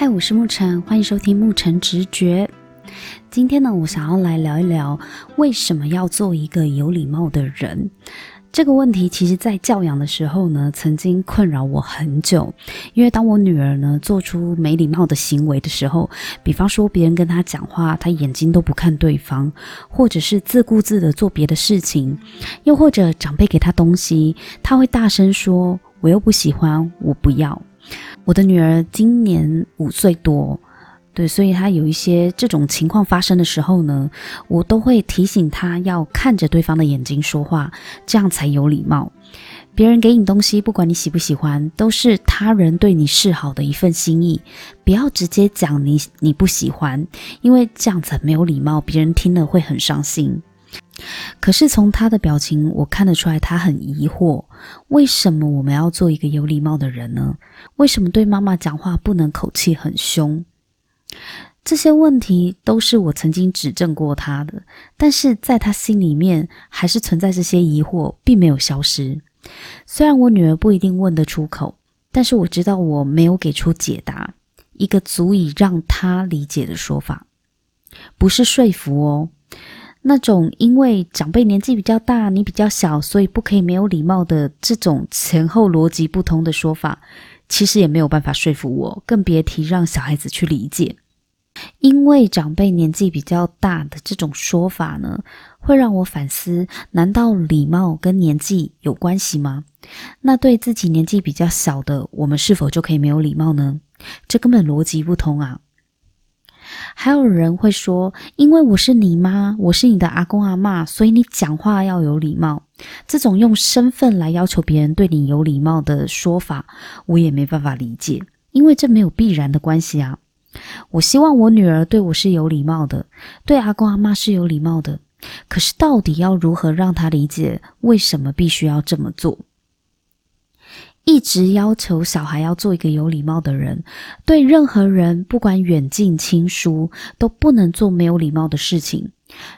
嗨，Hi, 我是沐晨，歡迎收聽沐晨直覺。今天呢，我想要來聊一聊為什麼要做一個有禮貌的人。這個問題其實，在教養的時候呢，曾經困擾我很久。因為當我女兒呢，做出沒禮貌的行為的時候，比方說別人跟她講話，她眼睛都不看對方，或者是自顧自的做別的事情，又或者長輩給她東西，她會大聲說：“我又不喜歡，我不要。”我的女兒今年五歲多，對，所以她有一些這種情況發生的時候呢，我都會提醒她要看着對方的眼睛說話，這樣才有禮貌。別人給你東西，不管你喜不喜歡，都是他人對你示好的一份心意，不要直接講你你不喜歡，因為這樣子沒有禮貌，別人聽了會很傷心。可是從他的表情，我看得出來，他很疑惑：為什麼我們要做一個有禮貌的人呢？為什麼對媽媽講話不能口氣很兇？這些問題都是我曾經指正過他的，但是在他心裡面，還是存在這些疑惑，並沒有消失。雖然我女兒不一定問得出口，但是我知道我沒有給出解答，一個足以讓他理解的說法，不是說服哦。那種因為長輩年紀比較大，你比較小，所以不可以沒有禮貌的這種前後邏輯不通的說法，其實也沒有辦法說服我，更別提讓小孩子去理解。因為長輩年紀比較大的這種說法呢，會讓我反思，難道禮貌跟年紀有關係嗎？那對自己年紀比較小的，我們是否就可以沒有禮貌呢？這根本邏輯不通啊。還有人會說，因為我是你媽，我是你的阿公阿嬤，所以你講話要有禮貌。這種用身份來要求別人對你有禮貌的說法，我也沒辦法理解，因為這沒有必然的關係啊。我希望我女兒對我是有禮貌的，對阿公阿嬤是有禮貌的，可是到底要如何讓她理解，為什麼必須要這麼做？一直要求小孩要做一個有禮貌的人，對任何人，不管遠近親疏，都不能做沒有禮貌的事情。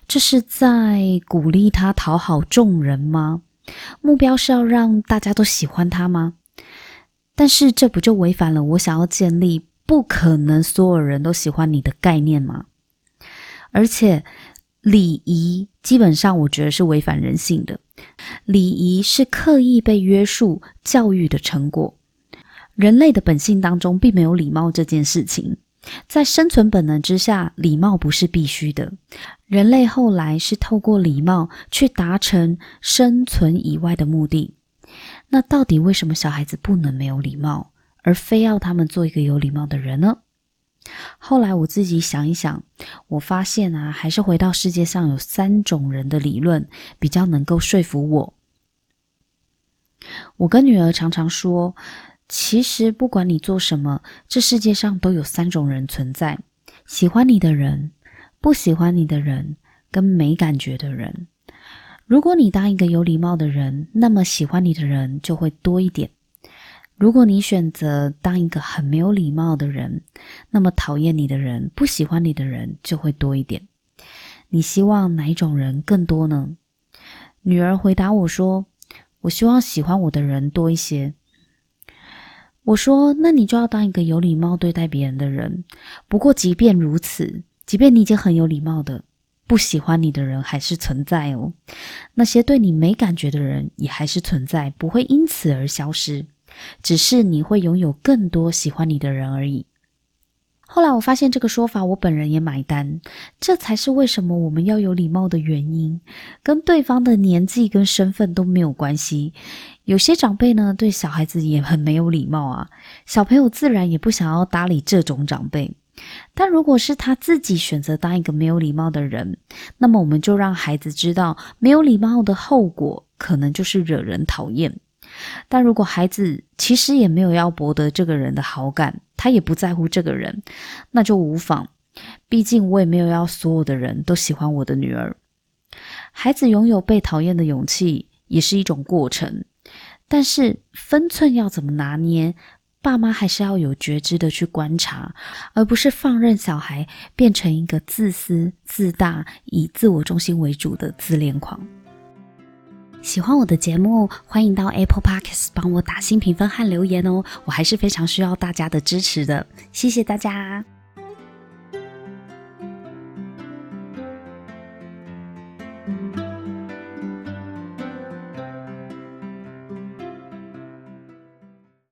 這是在鼓勵他討好眾人嗎？目標是要讓大家都喜歡他嗎？但是這不就違反了我想要建立不可能所有人都喜歡你的概念嗎？而且禮儀基本上，我覺得是違反人性的。禮儀是刻意被約束教育的成果。人類的本性當中並沒有禮貌這件事情，在生存本能之下，禮貌不是必須的。人類後來是透過禮貌去達成生存以外的目的。那到底為什麼小孩子不能沒有禮貌，而非要他們做一個有禮貌的人呢？後來我自己想一想，我發現啊，還是回到世界上有三種人的理論比較能夠說服我。我跟女兒常常說，其實不管你做什麼，這世界上都有三種人存在：喜歡你的人、不喜歡你的人跟沒感覺的人。如果你當一個有禮貌的人，那麼喜歡你的人就會多一點。如果你選擇當一個很沒有禮貌的人，那麼討厭你的人、不喜歡你的人就會多一點。你希望哪一種人更多呢？女兒回答我說：“我希望喜歡我的人多一些。”我說：“那你就要當一個有禮貌對待別人的人。”不過，即便如此，即便你已經很有禮貌的，不喜歡你的人還是存在哦。那些對你沒感覺的人也還是存在，不會因此而消失。只是你會擁有更多喜歡你的人而已。後來我發現這個說法，我本人也買單。這才是為什麼我們要有禮貌的原因，跟對方的年紀跟身份都沒有關係。有些長輩呢，對小孩子也很沒有禮貌啊，小朋友自然也不想要搭理這種長輩。但如果是他自己選擇當一個沒有禮貌的人，那麼我們就讓孩子知道，沒有禮貌的後果可能就是惹人討厭。但如果孩子其實也沒有要博得這個人的好感，他也不在乎這個人，那就無妨。畢竟我也沒有要所有的人都喜歡我的女兒。孩子擁有被討厭的勇氣也是一種過程，但是分寸要怎麼拿捏，爸媽還是要有覺知的去觀察，而不是放任小孩變成一個自私、自大、以自我中心為主的自戀狂。喜歡我的節目，歡迎到 Apple Podcasts 幫我打星評分和留言哦，我還是非常需要大家的支持的，謝謝大家。